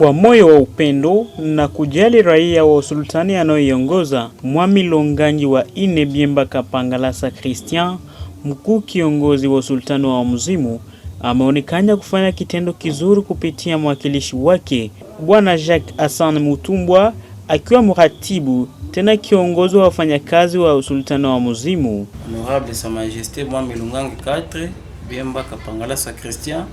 kwa moyo wa upendo na kujali raia wa usultani anayoiongoza Mwami Longanji wa ine Biemba Kapangalasa Christian, mkuu kiongozi wa usultani wa Mzimu, ameonekana kufanya kitendo kizuri kupitia mwakilishi wake Bwana Jacques Hassan Mutumbwa, akiwa mratibu tena kiongozi wa wafanyakazi wa usultani wa Mzimu. Honorable Sa Majesté Mwami Longanji 4 Biemba Kapangalasa Christian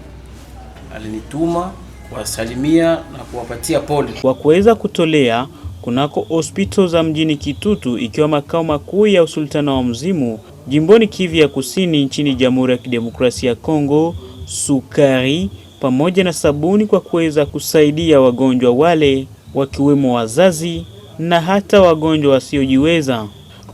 alinituma kuwasalimia na kuwapatia pole kwa kuweza kutolea kunako hospital za mjini Kitutu, ikiwa makao makuu ya usultana wa Mzimu jimboni Kivu ya Kusini nchini Jamhuri ya Kidemokrasia ya Kongo, sukari pamoja na sabuni kwa kuweza kusaidia wagonjwa wale wakiwemo wazazi na hata wagonjwa wasiojiweza.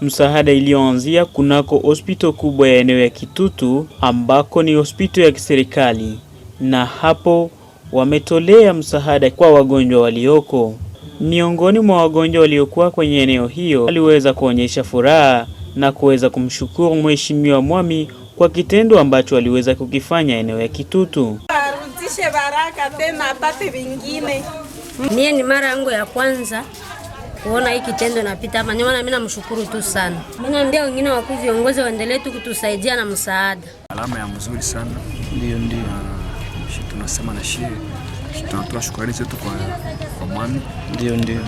Msaada iliyoanzia kunako hospital kubwa ya eneo ya Kitutu ambako ni hospital ya kiserikali na hapo wametolea msaada kwa wagonjwa walioko. Miongoni mwa wagonjwa waliokuwa kwenye eneo hiyo aliweza kuonyesha furaha na kuweza kumshukuru Mheshimiwa Mwami kwa kitendo ambacho aliweza kukifanya eneo ya Kitutu. Arudishe baraka tena apate vingine. Mie ni mara yangu ya kwanza kuona hii kitendo napita hapa, ndio maana mimi namshukuru tu sana. Mimi naambia wengine wakuu viongozi waendelee tu kutusaidia na msaada. Alama ya mzuri sana. Ndio, ndio tunasema na shii, tunatoa shukrani zetu kwa, kwa mami ndio ndio ya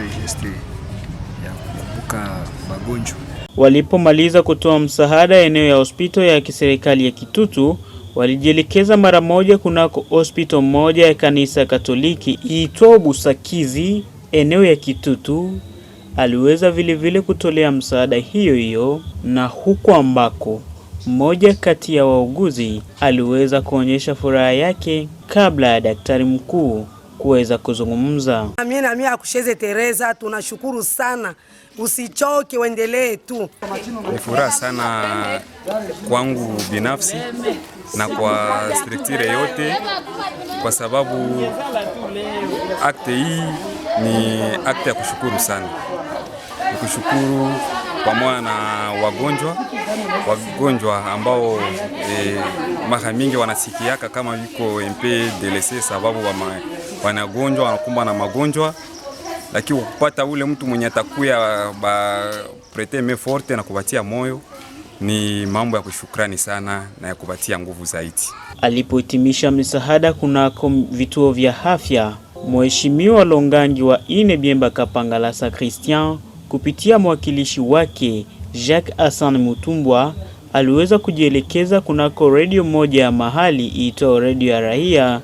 kukumbuka magonjwa. Walipomaliza kutoa msaada eneo ya hospitali ya kiserikali ya Kitutu, walijielekeza mara moja kunako hospitali moja ya kanisa Katoliki iitwa Busakizi eneo ya Kitutu. Aliweza vilevile vile kutolea msaada hiyo hiyo na huko ambako mmoja kati ya wauguzi aliweza kuonyesha furaha yake kabla ya daktari mkuu kuweza kuzungumza. Mimi na mimi akusheze Teresa, tunashukuru sana, usichoke, uendelee tu. Ni furaha sana kwangu binafsi na kwa structure yote, kwa sababu akte hii ni akte ya kushukuru sana, nikushukuru pamoja na wagonjwa wagonjwa ambao e, mara mingi wanasikiaka kama yuko MP dlc sababu wama, wanagonjwa wanakumbwa na magonjwa, lakini kupata ule mtu mwenye atakuya ba prete me forte na kupatia moyo ni mambo ya kushukrani sana na ya kupatia nguvu zaidi. Alipohitimisha msaada kunako vituo vya afya, Mheshimiwa Longangi wa Ine Biemba Kapangala Sa Christian kupitia mwakilishi wake Jacques Hassan Mutumbwa aliweza kujielekeza kunako redio moja ya mahali iitwayo redio ya raia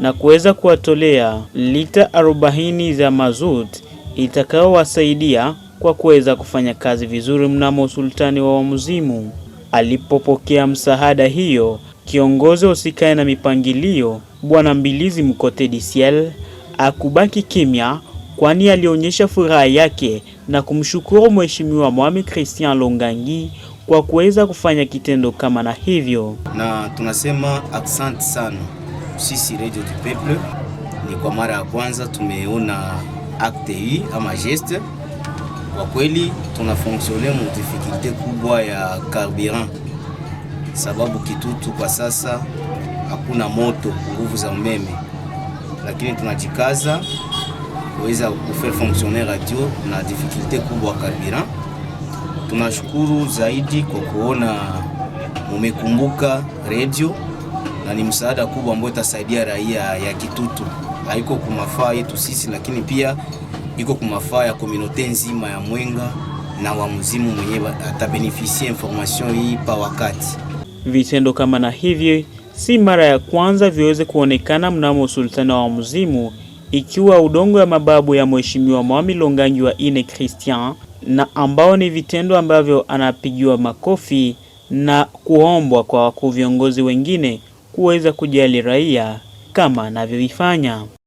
na kuweza kuwatolea lita arobaini za mazut itakayowasaidia kwa kuweza kufanya kazi vizuri mnamo usultani wa Wamuzimu. Alipopokea msaada hiyo, kiongozi usikae na mipangilio Bwana Mbilizi Mkote Disiel akubaki kimya, kwani alionyesha furaha yake na kumshukuru Mheshimiwa Mwami Christian Longangi kwa kuweza kufanya kitendo kama na hivyo, na tunasema accent sana. Sisi Radio du Peuple ni kwa mara ya kwanza tumeona acte hii ama geste. Kwa kweli tuna fonctionner mu difficulté kubwa ya carburant, sababu Kitutu kwa sasa hakuna moto, nguvu za umeme, lakini tunajikaza kuweza kufaire fonctionner radio na difficulté kubwa kabisa. Tunashukuru zaidi kwa kuona mumekumbuka radio na ni msaada kubwa ambao itasaidia raia ya Kitutu, haiko kumafaa mafaa yetu sisi, lakini pia iko kwa mafaa ya komunote nzima ya Mwenga na wamuzimu mwenyewe atabeneficie information hii pa wakati. Vitendo kama na hivi si mara ya kwanza viweze kuonekana mnamo usultani wa wamuzimu ikiwa udongo ya mababu ya Mheshimiwa Mwami Longangi wa Ine Christian, na ambao ni vitendo ambavyo anapigiwa makofi na kuombwa kwa wakuu viongozi wengine kuweza kujali raia kama anavyoifanya.